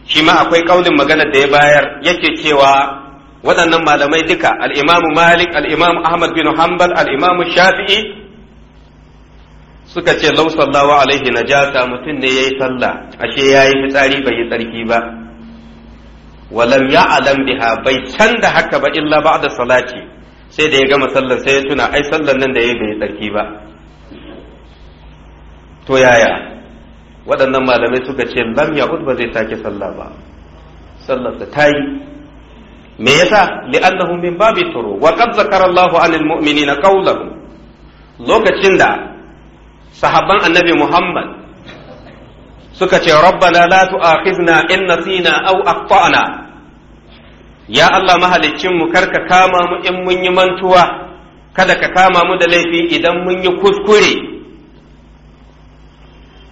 shi ma akwai kaulin maganar da ya bayar yake cewa waɗannan malamai duka al'imamu Malik al'imamu Ahmad bin Hanbal al'imamu Shafi'i suka ce lau sallawa alaihi najasa mutum ne yayi sallah ashe yayi fitsari bai yi tsarki ba walam ya biha bai canza haka ba illa ba'da salati sai da ya gama sallar sai ya tuna ai sallar nan da ya bai tsarki ba to yaya waɗannan malamai suka ce lam ya'ud ba zai sake sallah ba sallar ta yi me yasa li'annahu min babi turu wa qad zakara Allahu 'anil mu'minina qawlahu lokacin da sahabban annabi Muhammad suka ce rabbana la tu'akhizna in nasina aw akhtana ya Allah mahalicinmu kar ka kama mu in mun yi mantuwa kada ka kama mu da laifi idan mun yi kuskure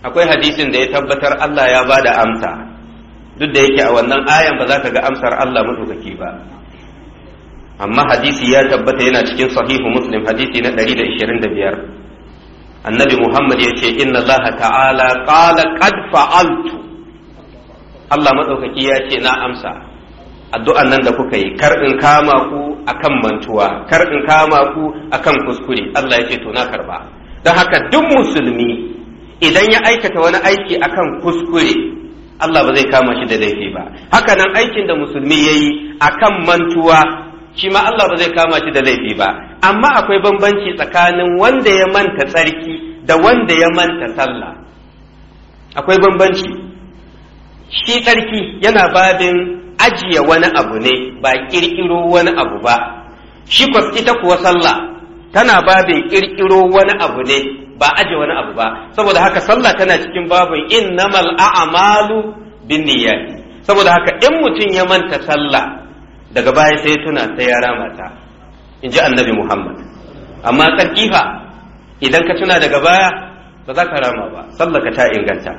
akwai hadisin da ya tabbatar Allah ya ba da amsa duk da yake a wannan ayan ba za ka ga amsar Allah maɗaukaki ba amma hadisi ya tabbata yana cikin sahihu muslim hadisi na 125 annabi muhammad ya ce inna allaha ta'ala qala qad fa'altu Allah maɗaukaki ya ce na amsa addu'an nan da kuka yi kar in kama ku akan mantuwa kar in kama ku akan kuskure Allah ya ce to na karba don haka duk musulmi idan ya aikata wani aiki akan kuskure Allah ba zai kama shi da laifi ba haka nan aikin da musulmi ya yi akan mantuwa shi ma Allah ba zai kama shi da laifi ba amma akwai bambanci tsakanin wanda ya manta tsarki da wanda ya manta sallah akwai bambanci shi tsarki yana babin ajiye wani abu ne ba ƙirƙiro wani abu ba shi ita kuwa sallah tana babin ƙirƙiro wani abu ne ba aje wani abu ba saboda haka sallah tana cikin babin innamal a'malu binniyat saboda haka in mutum ya manta sallah daga baya sai tuna sai ya ramata in ji annabi muhammad amma tsarkifa idan ka tuna daga baya ba za ka rama ba sallah ta inganta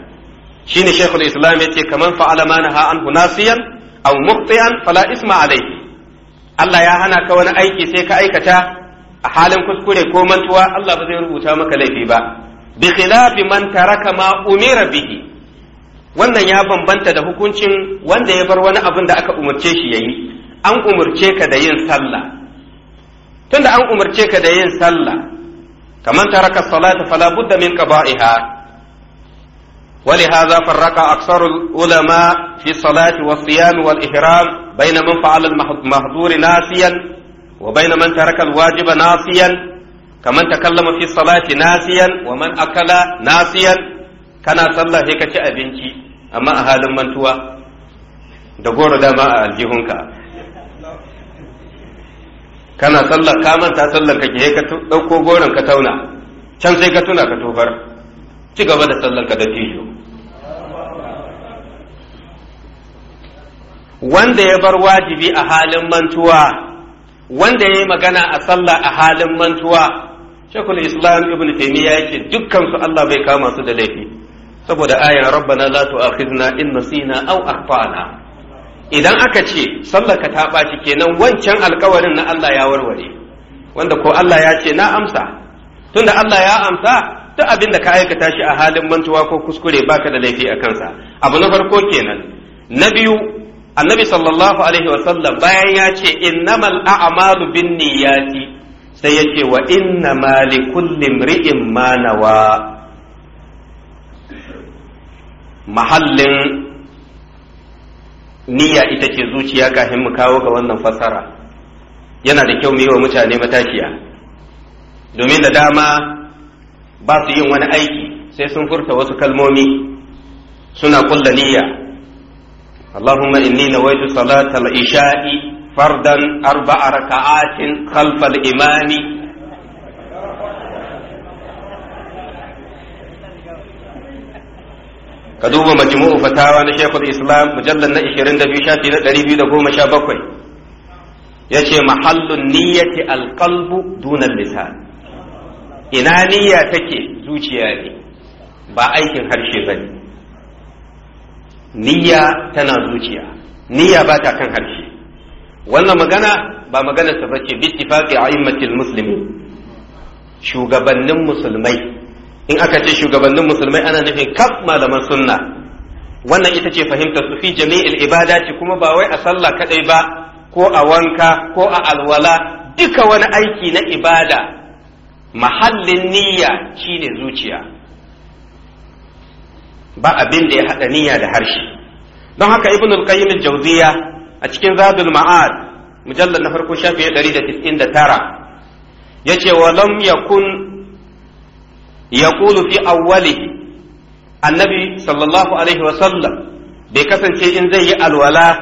shine shaykhul islam yace kaman fa'ala ma naha anhu nasiyan aw muqtiyan fala isma alayhi Allah ya hana ka wani aiki sai ka aikata a halin kuskure ko mantuwa Allah ba zai rubuta maka laifi ba bi khilafi man taraka ma umira bihi wannan ya bambanta da hukuncin wanda ya bar wani abin da aka umarce shi yayi an umarce ka da yin sallah tunda an umarce ka da yin sallah kaman taraka salata fala budda min qada'iha ولهذا فرق أكثر العلماء في الصلاة والصيام والإحرام بين من فعل المحظور ناسيا وبين من ترك الواجب ناسيا كمن تكلم في الصلاة ناسيا ومن أكل ناسيا كان صلى هيك أبنتي أما أهل من توا دقور دماء الجهنك kana sallar ka manta sallar ka ke ka ɗauko goron ka tauna can sai ka tuna ka tofar ci gaba da sallar ka da tijo wanda ya bar wajibi a halin mantuwa wanda ya yi magana a sallah a halin mantuwa shekul islam ibn taymiya yake ce dukkan su Allah bai kama su da laifi saboda aya, rabbana la tu'akhidna in nasina aw akhtana idan aka ce sallaka ta ɓaci kenan wancan alkawarin na Allah ya warware wanda ko Allah ya ce na amsa tunda Allah ya amsa duk abin da ka aikata shi a halin mantuwa ko kuskure baka da laifi a kansa abu na farko kenan na biyu annabi sallallahu alaihi wasallam bayan ya ce innamal a'malu bin niyyati sai ya ce wa inna ma li kulli imri'in ma nawa mahallin niyya ita ce zuciya kafin mu kawo ga wannan fassara yana da kyau mu yi wa mutane matashiya domin da dama ba su yin wani aiki sai sun furta wasu kalmomi suna kulla niyya اللهم إني نويت صلاة العشاء فردا أربع ركعات خلف الإمام كدوب مجموع فتاوى لشيخ الإسلام مجلد نا 22 شافي نا 217 يشي محل النية القلب دون اللسان ina niyya take zuciya ne ba aikin harshe ba ne niyya tana zuciya niyya ba ta kan harshe wannan magana ba maganar sa bace bi ittifaqi a'immatil muslimin shugabannin musulmai in aka ce shugabannin musulmai ana nufin kaf malaman sunna wannan ita ce fahimtar su fi jami'il ibadati kuma ba wai a sallah kadai ba ko a wanka ko a alwala duka wani aiki na ibada mahallin niyya shine zuciya ba abin da ya haɗa niyya da harshe don haka ibn al-qayyim al-jawziya a cikin zadul ma'ad mujallal na farko shafi 199 yace wa lam yakun yaqulu fi awwalihi annabi sallallahu alaihi wa sallam bai kasance in zai yi alwala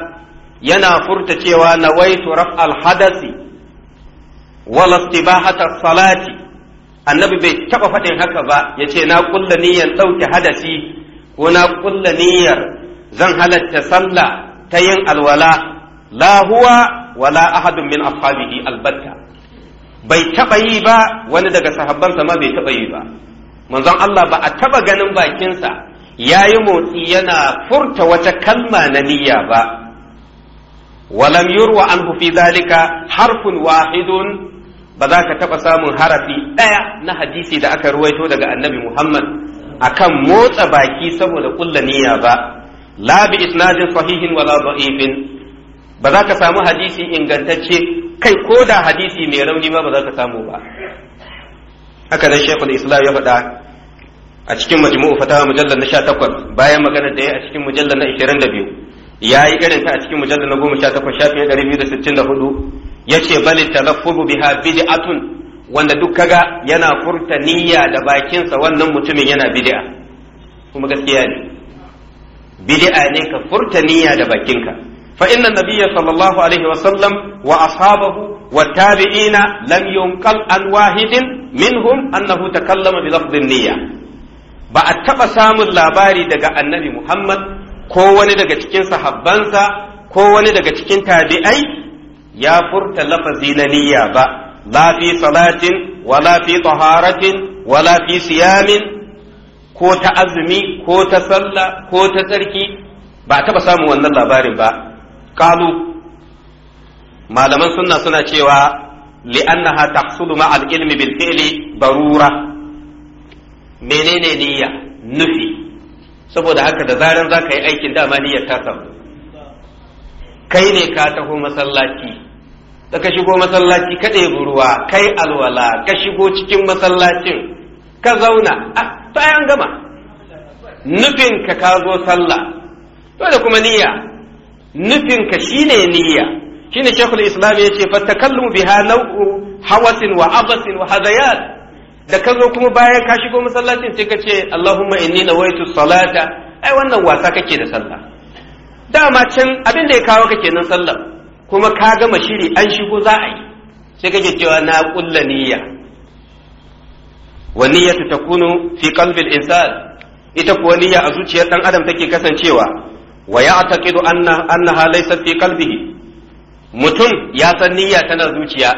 yana furta cewa nawaitu raf'al hadasi wala istibahata salati annabi bai taba faɗin haka ba yace na kulla niyyan dauke hadasi ko na kulla niyyar zan halatta sallah ta yin alwala la huwa wala ahadun min ashabihi albatta bai taba yi ba wani daga sahabbansa ma bai taba yi ba manzon Allah ba a taba ganin bakinsa yayi motsi yana furta wata kalma na niyya ba walam yurwa anhu fi zalika harfun wahidun ba za ka taɓa samun harafi ɗaya na hadisi da aka ruwaito daga annabi Muhammad akan motsa baki saboda kulla niyya ba la bi isnadin sahihin wala dha'ifin ba za ka samu hadisi ingantacce kai ko da hadisi mai rauni ma ba za ka samu ba haka dai shaykhul islam ya faɗa a cikin majmu'u fatawa mujallar na 18 bayan magana da yayi a cikin mujallar na 22 ya yi irin ta a cikin mujallar na 18 shafin 264 yace bal talaffuzu biha bid'atun wanda duk kaga yana furta niyya da bakinsa wannan mutumin yana bid'a kuma gaskiya ne bid'a ne ka furta niyya da bakinka fa inna nabiyya sallallahu alaihi wa sallam wa ashabahu wa tabi'ina lam yunqal an wahidin minhum annahu takallama bi lafdhin niyya ba a taba samun labari daga annabi Muhammad ko wani daga cikin sahabbansa ko wani daga cikin tabi'ai ya furta lafazi na niyya ba la salatin wala fi taharatin wala fi siyamin ko ta azumi ko ta sallah ko ta tsarki ba taba samun wannan labarin ba kalu malaman sunna suna cewa li'annaha tahsulu ma al-ilmi bil fi'li Barura, menene niyya nufi saboda haka da zaran za ka yi aikin dama niyyar ta samu kai ne ka taho masallaci da ka shigo masallaci ka ɗebi ruwa kai alwala ka shigo cikin masallacin ka zauna a ah, bayan gama nufin ka zo sallah to kuma niyya nufinka shine niyya shine shekul islam ya ce fattakallu biha nau'u hawasin wa abasin wa hadayat da ka zo kuma bayan ka shigo masallacin sai ka ce allahumma inni nawaitu salata ai wannan wasa kake da sallah dama can abin da ya kawo ka kenan sallah kuma ka gama shiri an shigo za a yi sai kake cewa na kulla niyya wa niyyatu takunu fi qalbil insan ita kuwa niyya a zuciyar dan adam take kasancewa wa ya'taqidu anna annaha laysat fi qalbihi mutum ya san niyya tana zuciya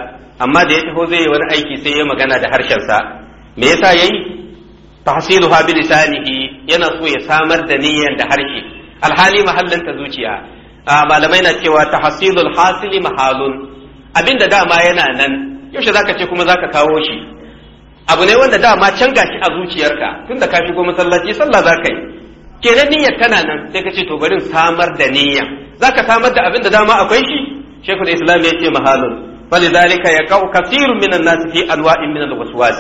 amma da ya taho zai yi wani aiki sai ya magana da harshen sa. me yasa yayi tahsiluha bi lisanihi yana so ya samar da niyyar da harshe alhali mahallin ta zuciya a ah, malamai na cewa tahsilul hasili mahalun abinda dama yana nan yaushe zaka ce kuma zaka kawo shi abu ne wanda dama can gashi a zuciyarka tunda ka shigo masallaci sallah zaka yi kenan niyyar tana nan sai ka ce to bari samar da niyya zaka samar da abinda dama akwai shi shekul islam ya ce mahalun فلذلك يقع كثير minan nas fi انواع minal الوسواس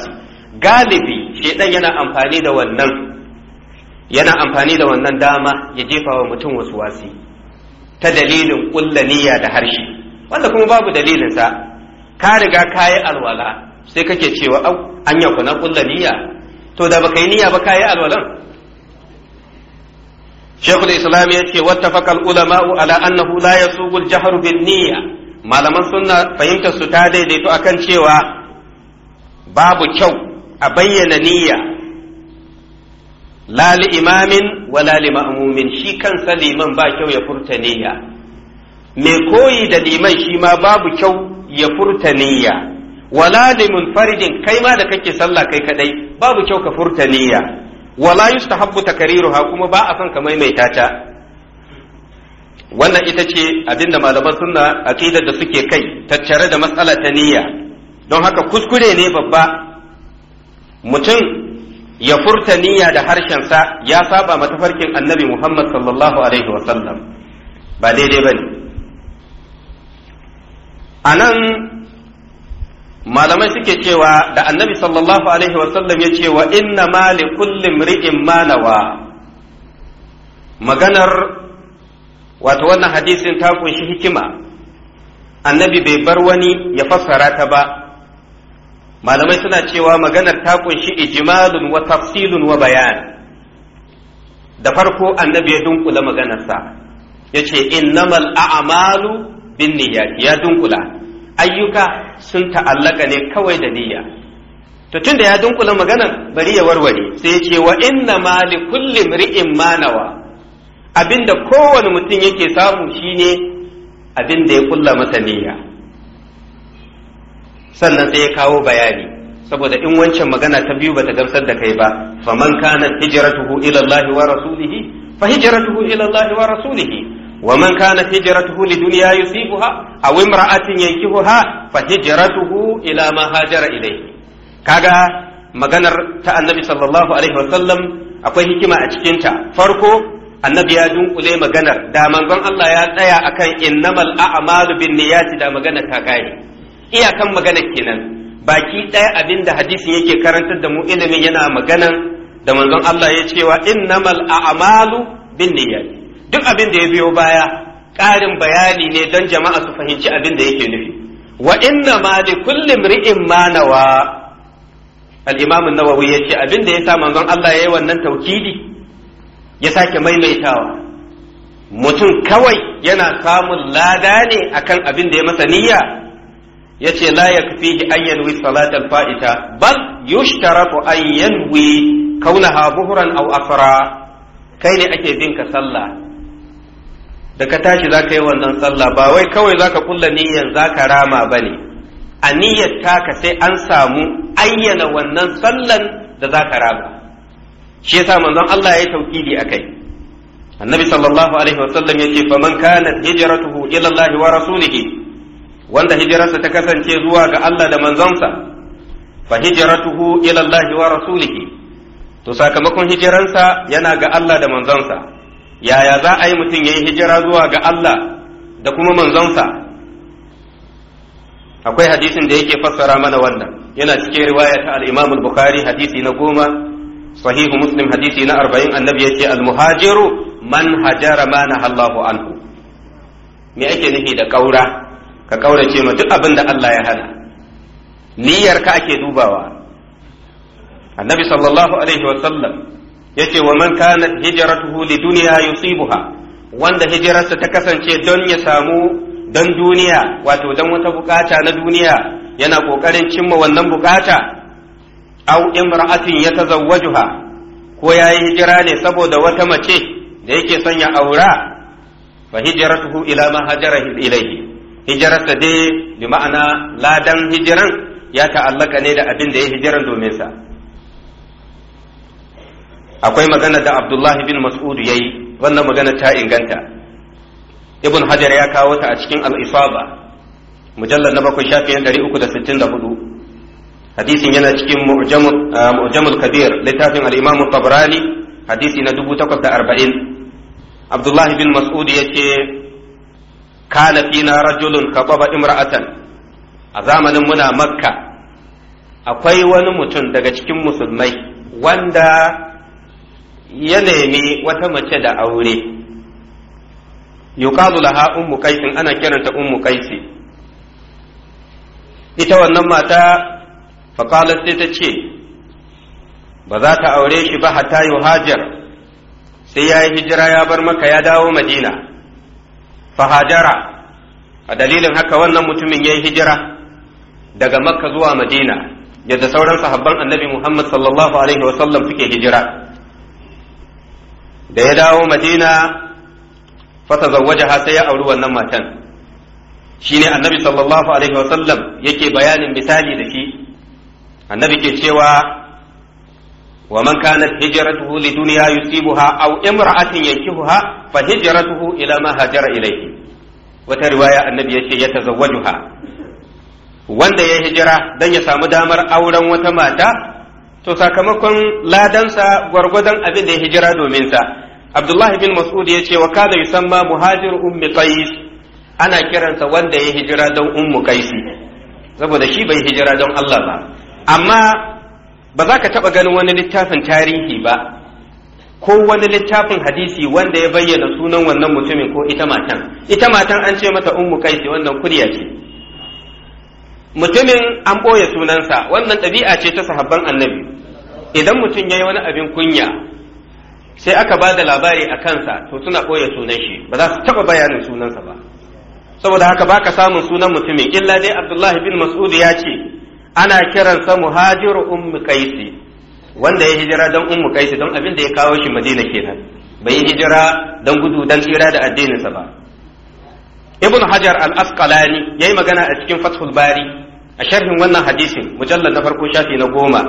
galibi shedan yana amfani da wannan yana amfani da wannan dama ya jefa wa mutum wasu wasi ta dalilin ƙulla niyya da harshe wanda kuma babu dalilinsa ka riga ka yi alwala sai kake cewa an yau na ƙulla to da baka yi niyya ba ka yi alwalan shekul islam ya ce wattafaqa ulama'u ala annahu la ya al-jahru bin niyya malaman sunna fahimtar su ta daidaito akan cewa babu kyau a bayyana niyya lali imamin wa lali ma'amumin shi kansa liman ba kyau ya furta niyya mai koyi da liman shi ma babu kyau ya furta niyya wala limun kai ma da kake sallah kai kadai babu kyau ka furta niyya wala yustahabbu takriruha kuma ba a son ka maimaita wannan ita ce abinda malaman sunna aqidar da suke kai tattare da matsala ta niyya don haka kuskure ne babba mutum ya furta niyya da harshen sa ya saba matafarkin annabi Muhammad sallallahu Alaihi wasallam ba daidai ba ne. A nan malamai suke cewa da annabi sallallahu Alaihi wasallam ya ce wa inna ma kullum ri'in manawa maganar wato wannan hadisin ta kunshi hikima annabi bai bar wani ya fassara ta ba malamai suna cewa maganar ta kunshi ijmalun wa tafsilun wa bayan da farko annabi ya dunkula maganarsa ya ce innamal a'malu bin niyyati ya dunkula ayyuka sun ta'allaka ne kawai da niyya to tunda ya dunkula maganar bari ya warware sai ya ce wa inna ma li kulli mri'in ma nawa abinda kowane mutum yake samu shine abinda ya kulla masa niyya sannan sai ya kawo bayani saboda in wancan magana ta biyu bata gamsar da kai ba fa man kanat hijratuhu ila Allah wa rasulih fa hijratuhu ila Allah wa rasulihi ومن كانت هجرته لدنيا aw imra'atin yankihuha fa hijratuhu ila ma hajara ilayhi kaga maganar ta annabi sallallahu alaihi wa sallam, akwai hikima a cikin ta farko annabi ya dunkule maganar da manzon Allah ya tsaya akan innamal a'malu bin niyyati da magana ta kare iyakan magana kenan baki ɗaya abin da hadisin yake karantar da mu ilimin yana maganan da manzon Allah ya cewa innamal a'malu bin niyyat duk abin da ya biyo baya ƙarin bayani ne don jama'a su fahimci abin da yake nufi wa inna li kulli mri'in ma nawa al-imam an-nawawi ce abin da ya sa manzon Allah ya yi wannan taukidi ya sake maimaitawa mutum kawai yana samun lada ne akan abin da ya masa niyya yace la yakfihi an yanwi salatal fa'ita bal yushtaratu an yanwi kaunaha buhran aw asra kai ne ake bin ka sallah da ka tashi za ka yi wannan sallah ba wai kawai za ka kulla niyyar za ka rama ba ne a niyyar taka sai an samu ayyana wannan sallan da za ka rama shi yasa manzon Allah ya yi tauƙidi a kai annabi sallallahu alaihi wasallam ya ce fa man kanat hijratuhu ila Allah wa rasulihi wanda hijirarsa ta kasance zuwa ga Allah da manzonsa fa hijratuhu ila Allah wa rasulihi to sakamakon hijirarsa yana ga Allah da manzonsa yaya za a yi mutum yayi hijira zuwa ga Allah da kuma manzonsa akwai hadisin da yake fassara mana wannan yana cikin riwaya ta al-Imam al-Bukhari hadisi na goma sahihu Muslim hadisi na 40 annabi yace al-muhajiru man hajara ma Allahu anhu me ake nufi da kaura ka kaurace ma duk abin da Allah ya hana niyyar ka ake dubawa annabi sallallahu alaihi wa sallam yace wa man kanat hijratuhu lidunya yusibuha wanda hijirarsa ta kasance don ya samu don duniya wato don wata bukata na duniya yana kokarin cimma wannan bukata au imra'atin ya ko yayi hijira ne saboda wata mace da yake son ya aura fa hijratuhu ila ma hajara ilayhi hijirarsa dai bi ma'ana ladan hijiran ya ta'allaka ne da abin da ya hijiran domin sa akwai magana da abdullahi bin mas'ud ya yi wannan magana ta inganta ibn hajar ya kawo ta a cikin isaba mujallar na bakwai shafiyan 364 hadisin yana cikin mu'jamul kabir littafin al-imam tabrani hadisi na arba'in abdullahi bin mas'ud ce. kana fina rajulun kababa imra'atan a zamanin muna makka akwai wani mutum daga cikin musulmai wanda ya nemi wata mace da aure yuqalu laha ummu kaisin ana kiranta ummu kaisi ita wannan mata faqalat sai ta ce ba za ta aure shi ba hatta Hajar. sai ya yi hijira ya bar maka ya dawo madina fahajara a dalilin haka wannan mutumin ya yi hijira daga makka zuwa madina yadda sauran sahabban annabi muhammad sallallahu alaihi wasallam suke hijira da ya dawo madina fata zawaja sai ya auri wannan matan shine annabi sallallahu alaihi wasallam yake bayanin misali da shi annabi ke cewa wa man kanat hijratuhu lidunya yusibuha aw imra'atin yankihuha fa hijratuhu ila ma hajara ilayhi wata riwaya annabi yace ya tazawwajuha wanda ya hijira dan ya samu damar auren wata mata to sakamakon ladansa gwargwadon abin da ya hijira domin sa Abdullah bin Mas'ud ya ce wa kada yusamma muhajir ummi qais ana kiransa wanda ya hijira don ummu qais saboda shi bai hijira don Allah ba amma ba za ka taɓa ganin wani littafin tarihi ba ko wani littafin hadisi wanda ya bayyana sunan wannan mutumin ko ita matan ita matan an ce mata ummu kaisi wannan kurya ce mutumin an ɓoye sunansa wannan ɗabi'a ce ta sahabban annabi idan mutum ya yi wani abin kunya sai aka ba da labari a kansa to suna ɓoye sunan shi ba za su taɓa bayanin sunansa ba saboda haka baka samun sunan mutumin illa dai abdullahi bin mas'ud ya ce ana kiransa muhajiru ummu kaisi wanda ya hijira don ummu kaisi don abin da ya kawo shi madina kenan bai hijira don gudu don tsira da addininsa ba ibn hajar al-asqalani yayi magana a cikin fathul bari a sharhin wannan hadisin mujallar na farko shafi na goma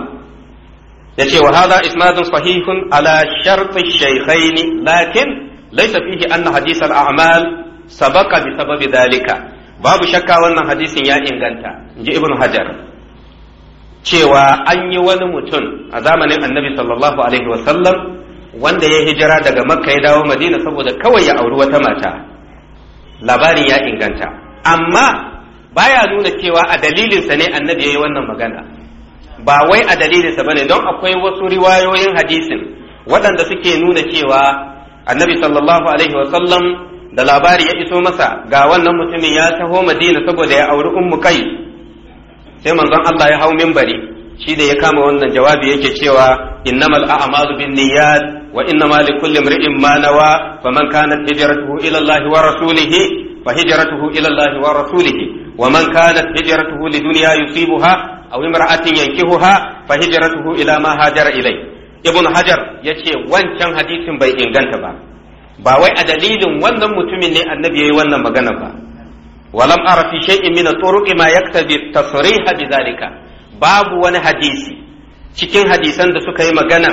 yace wa hadha isnadun sahihun ala sharti shaykhaini lakin laysa fihi anna hadith al-a'mal sabaqa bi sababi dalika babu shakka wannan hadisin ya inganta inji ibn hajar cewa an yi wani mutum a zamanin annabi sallallahu alaihi wasallam wanda ya hijira daga makka ya dawo madina saboda kawai ya auri wata mata labarin ya inganta amma baya nuna cewa a dalilinsa ne annabi ya yi wannan magana ba wai a dalilinsa ba ne don akwai wasu riwayoyin hadisin waɗanda suke nuna cewa annabi sallallahu alaihi wasallam da labari ya iso masa ga wannan mutumin ya taho madina saboda ya auri ummu kai sai manzon Allah ya hau mimbari shi da ya kama wannan jawabi yake cewa innamal a'malu binniyat wa innama likulli imri'in ma nawa faman kanat hijratuhu ila Allah wa rasulih fa hijratuhu ila Allah wa rasulih wa man kanat hijratuhu lidunya yusibuha aw imra'atin yankihuha fa hijratuhu ila ma hajara ilai. ibn hajar ya ce wancan hadisin bai inganta ba ba wai a dalilin wannan mutumin ne annabi ya yi wannan magana ba walam ara fi shay'in min turuqi ma yaktabi babu wani hadisi cikin hadisan da suka yi magana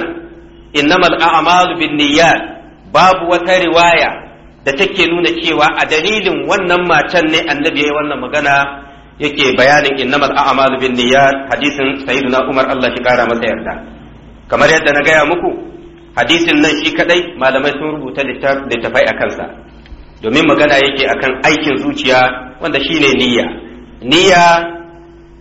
innamal a'malu binniyat babu wata riwaya da take nuna cewa a dalilin wannan matan ne annabi yayi wannan magana yake bayanin innamal a'malu binniyat hadisin sayyidina Umar Allah shi kara masa yarda kamar yadda na gaya muku hadisin nan shi kadai malamai sun rubuta littafai a kansa domin magana yake akan aikin zuciya wanda shine niyya niyya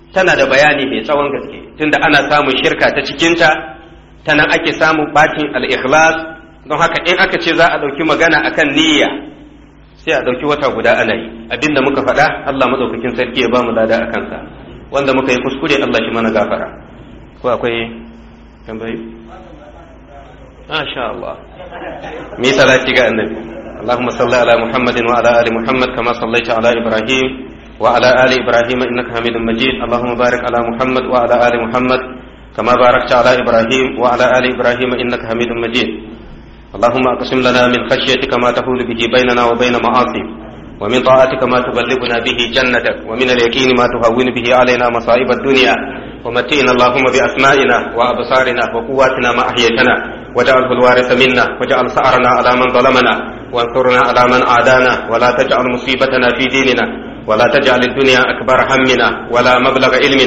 tana da bayani mai tsawon gaske tunda ana samun shirka ta cikinta ta nan ake samun bakin al-ikhlas don haka in aka ce za a ɗauki magana akan niyya sai a ɗauki wata guda ana yi abinda muka faɗa Allah madaukakin sarki ya ba mu lada a kansa wanda muka yi kuskure Allah shi mana gafara ko akwai tambayi masha Allah me yasa ga annabi اللهم صل على محمد وعلى ال محمد كما صليت على ابراهيم وعلى ال ابراهيم انك حميد مجيد اللهم بارك على محمد وعلى ال محمد كما باركت على ابراهيم وعلى ال ابراهيم انك حميد مجيد اللهم اقسم لنا من خشيتك ما تحول به بيننا وبين معاصيك ومن طاعتك ما تبلغنا به جنتك ومن اليقين ما تهون به علينا مصائب الدنيا ومتئنا اللهم بأسمائنا وأبصارنا وقواتنا ما أحييتنا واجعله الوارث منا واجعل سعرنا على من ظلمنا وانصرنا على من عادانا ولا تجعل مصيبتنا في ديننا ولا تجعل الدنيا أكبر همنا ولا مبلغ علمنا